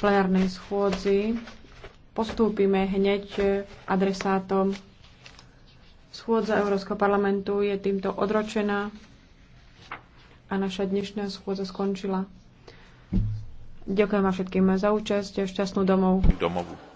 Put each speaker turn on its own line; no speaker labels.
plenárnej schôdzi postúpime hneď adresátom. Schôdza Európskeho parlamentu je týmto odročená a naša dnešná schôdza skončila. Ďakujem vám všetkým za účasť a šťastnú domov.
Domovu.